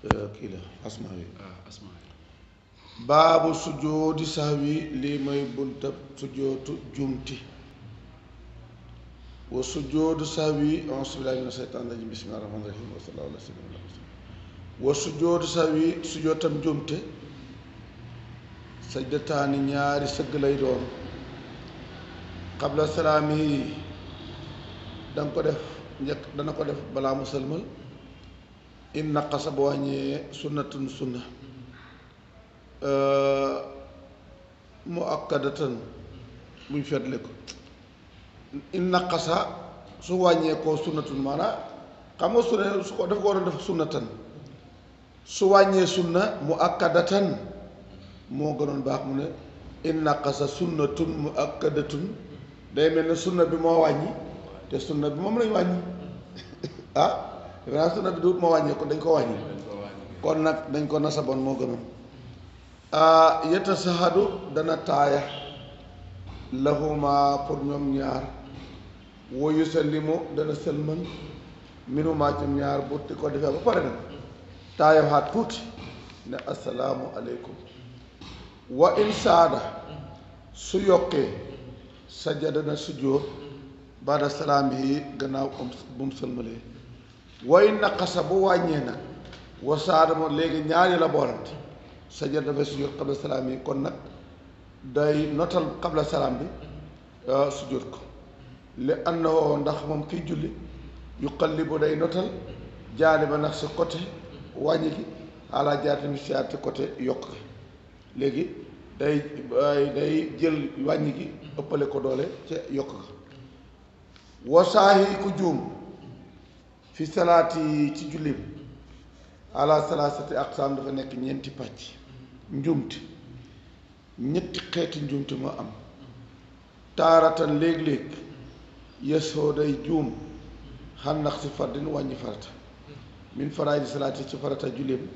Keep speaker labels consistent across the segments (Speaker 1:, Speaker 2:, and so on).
Speaker 1: Euh, kii la asmaa yi ah, asmaa yi baabu sujjóoti sahwi lii mooy buntab sujjóotu jumti wa sujjóotu sahwi auzu billaahi mina sheytaani rajiim bismillaahi rahmaani rahiim wa sallallaahu alayhi wa sujjóotam jumte sajdataani ñaari sëgg lay doon qabla salaami yi danga ko def njëkk dana ko def balaa mu sëlmal in naqasa bu wàññee sunnatun sunna mu akkadatan buñ feetle ko in naqasa su wàññee koo sunnatun maanaam xam nga sunna su ko dafa ko waroon def sunnatan su wàññee sunna mu ak akkadatan moo gënoon baax mu ne in naqasa sunnatun mu akkadatun day mel ne sunna bi moo wàññi te sunna bi moom lañ wàññi ah? waaw sunna bi duut moo dañ ko wàññi kon nag dañ ko nasaboon moo gënoon ah, yëta sahadu dana taaya lahuma pour ñoom ñaar wa yusallimu dana sëlman minuma ci ñaar bu ti ko defee ba pare nag taaya tuuti ne asalaamu aleykum wa in saada su yokkee sajada na sujjóot baada salaam yi gannaaw am bu mu sëlmalee way naqasa bu wàññee nag wasaare moom léegi ñaari la boolante sajada dafay sujjóot qabla salaam yi kon nag day notal qabla salaam bi euh, sujjóot ko li annahu ndax moom kiy julli yuqallibu day notal jaaniba nag si côté wàññi gi ala jaatami siyaati côté yokk gi léegi day euh, day jël wàññi gi ëppale ko doole ca yokk ga wasaahi ku juum fi salaati ci julli ala ak aqsaam dafa nekk ñeenti pàcc njuumte ñetti xeeti njuumte moo am taaratan léeg-léeg yesoo day juum xànnax si fardin wàññi farata min faraay di salaati ci farata julleem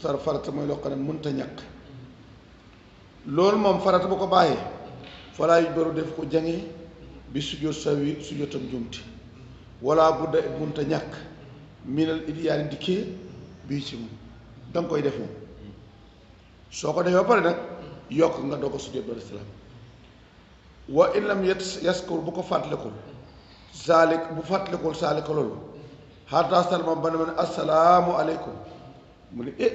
Speaker 1: sar farata mooy loo ne mënta ñàkk loolu moom farata bu ko bàyyee faraay yu def ko jange bi sujjóot sawi sujjóotam njuumte wala bu de munta ñàkk minal idéal dikkee bii ci moom da koy def soo ko defee ba pare nag yokk nga doo ko sujjóot ba salaam wa in lam yaskur bu ko fàttalikul saalik bu fàttalikul saalika loolu xataa salman ba ne ma ne assalaamu aleykum mu ne eh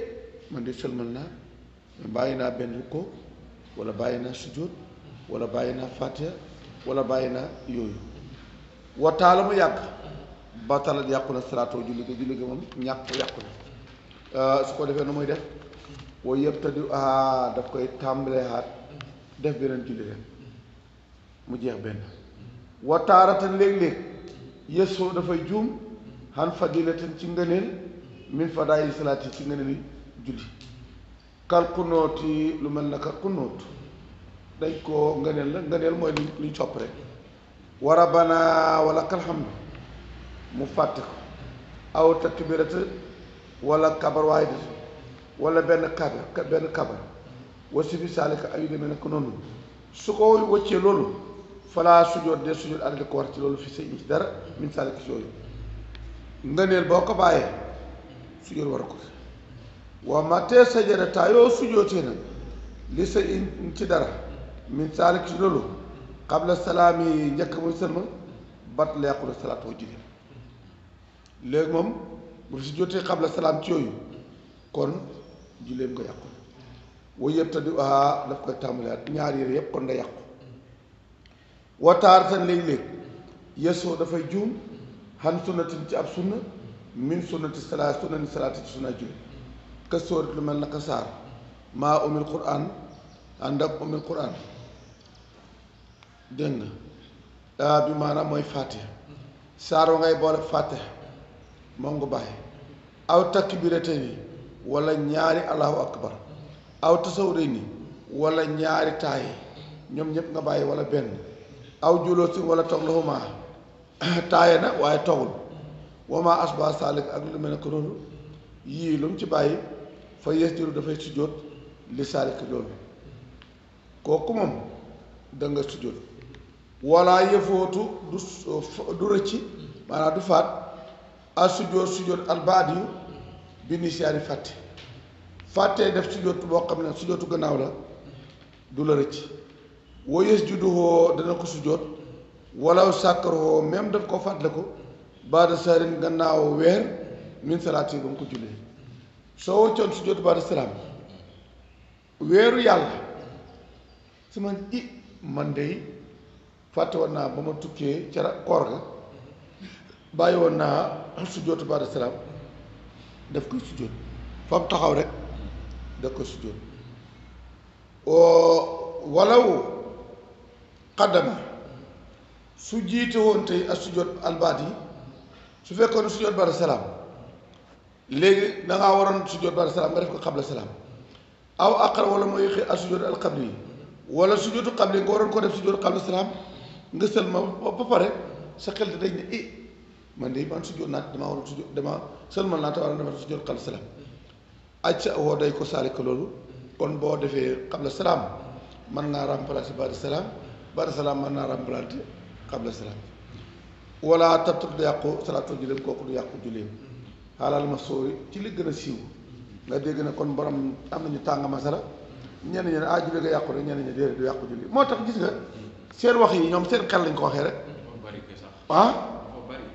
Speaker 1: man de sëlmal naa bàyyi naa benn ko wala bàyyi naa sujjóot wala bàyyi naa fàtiha wala bàyyi naa yooyu wa taala mu yàgg ba talat yàqu na salaatoo julli ga julli ga moom ñàkk yàqu na su ko defee nu muy def wa yëpp te di ah daf koy tàmbalee tàmbaleehaat def beneen julli leen mu jeex benn wa taaratan léeg-léeg yësoo dafay juum xan fadilatan ci ngëneel min fadaayi salaat yi ci ngëneel yi julli kalkunoot yi lu mel na kalkunoot dañ koo ngëneel la ngëneel mooy li luñ sopp rek war a banaa wala kalhamdu mu fàtte ko aw takk takbirata wala kabar waaye des wala benn kabar benn kabar wasi bi saalika ay yu demee nekk noonu su ko wëccee loolu falaa sujoot de sujoot di ko war ci loolu fi sëñ ci dara min saalika si yooyu nga neel boo ko bàyyee sujoot war ko si waaw ma tee sa jëre taa yoo sujootee nag li sa in ci dara min saalika si loolu xam qabla salaam yi njëkk muy sëlma bat la yàqu la salaatu wa julli léegi moom bu si jotee xabla salaam ci yooyu kon julleem ko yàqu wa yëpp te di ah daf koy tàmbaliwaat ñaar yére yëpp kon da yàqu wataar tan léeg-léeg yesoo dafay juum xan sunnatin ci ab sunna min sunnati salaat sunna ni salaati ci sunna juum ka sóorit lu mel naka saar maa umil quran ànd ak umil quran dégg nga bi maanaam mooy fatiha saar wa ngay boole fatiha moom nga bàyyi aw takbiratayni wala ñaari allahu akbar aw tasawurayni wala ñaari taayi ñoom ñëpp nga bàyyi walla benn aw juloosin wala toog lahuma taaye na waaye toogul wama asba salik ak lu mel ne ko noonu yii lu ci bàyyi fa yees diru dafay sujjóot li salik loolu kooku moom da nga sujjóot wala yëfootu du du rëcci maanaam du faat a sujjoot sujjoot albaad yu bi ni siyaari fàtte fàtte def sujjoot boo xam ne sujjootu gannaaw la du la rëcc woyes judduhoo dana ko sujjoot walaw sàkkarhoo même daf ko fàttale ko baada gannaaw weer min salaati ba mu ko jullee soo wëccoon sujjoot baada weeru yàlla su man i man dey fàtte woon naa ba ma tukkee ca koor ga bàyyi woon naa سجود تبارك السلام داف كوي سجود فام تخاو رك داكو سجود و ولو قدم سجيت هون تي السجود البادي سو فيكون سجود بارك السلام لي دا غا ورون سجود بارك السلام غا قبل السلام او اقرا ولا ما يخي السجود القبلي ولا سجود قبلي غورن كو ديف سجود قبل السلام نغسل ما با فاري سخل داي ني إيه. man de man sujud naat dama waroon sujud dama seulement naata waroon dama sujud qal salam aj sa woo day ko saalika loolu kon boo defee qabla salaam mën ngaa remplacer baada salaam baada salaam mën naa remplacer qabla salaam wala tabtuk du yàqu salaatu julleem kooku du yàqu julleem xaalal ma sóori ci li gën a siiw nga dégg na kon borom am nañu tàng masala ñenn ñi ne ah julli nga yàqu rek ñenn ñi déedéet du yàqu julli moo tax gis nga seen wax yi ñoom seen xel lañ ko waxee rek ah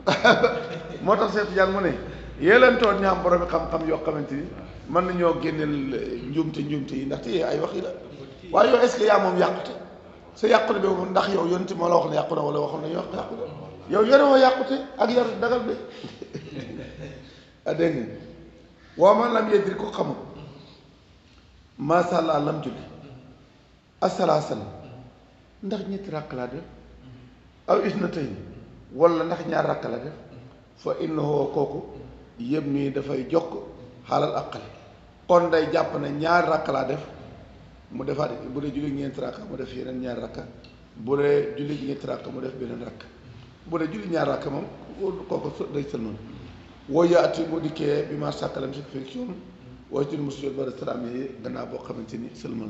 Speaker 1: moo tax Seex Tijaan mu ne yéelantoon ña am borom xam-xam yoo xamante ni mën nañoo génneel njuumte njuumte yi ndaxte ay wax yi la waaye yow est-ce que yaa moom yàqute sa yàqule bi moom ndax yow yonent moo la wax yàqu na wala waxoon nañu wax yàqu na yow yore woo yàqute ak yar dagal a ah, dégg nga waaw man lam yedri ko xamul macha allah lam julli asalaasala ndax ñetti ràkk laa def aw is na tey. wala ndax ñaari rakk la def fa innahu kooku yëpp nii dafay jokk xaalal aqal kon day jàpp ne ñaari rakk laa def mu defaat bu dee julli ñeenti rakk mu def yeneen ñaar rakk bu dee julli ñeenti rakk mu def beneen rakk bu dee julli ñaar rakk moom kooku day sëlmal woo yaati mu dikkee bi ma sàkkalam si fiction waaye ci mu sujjóot ba salaam yi gannaaw boo xamante ni sëlmal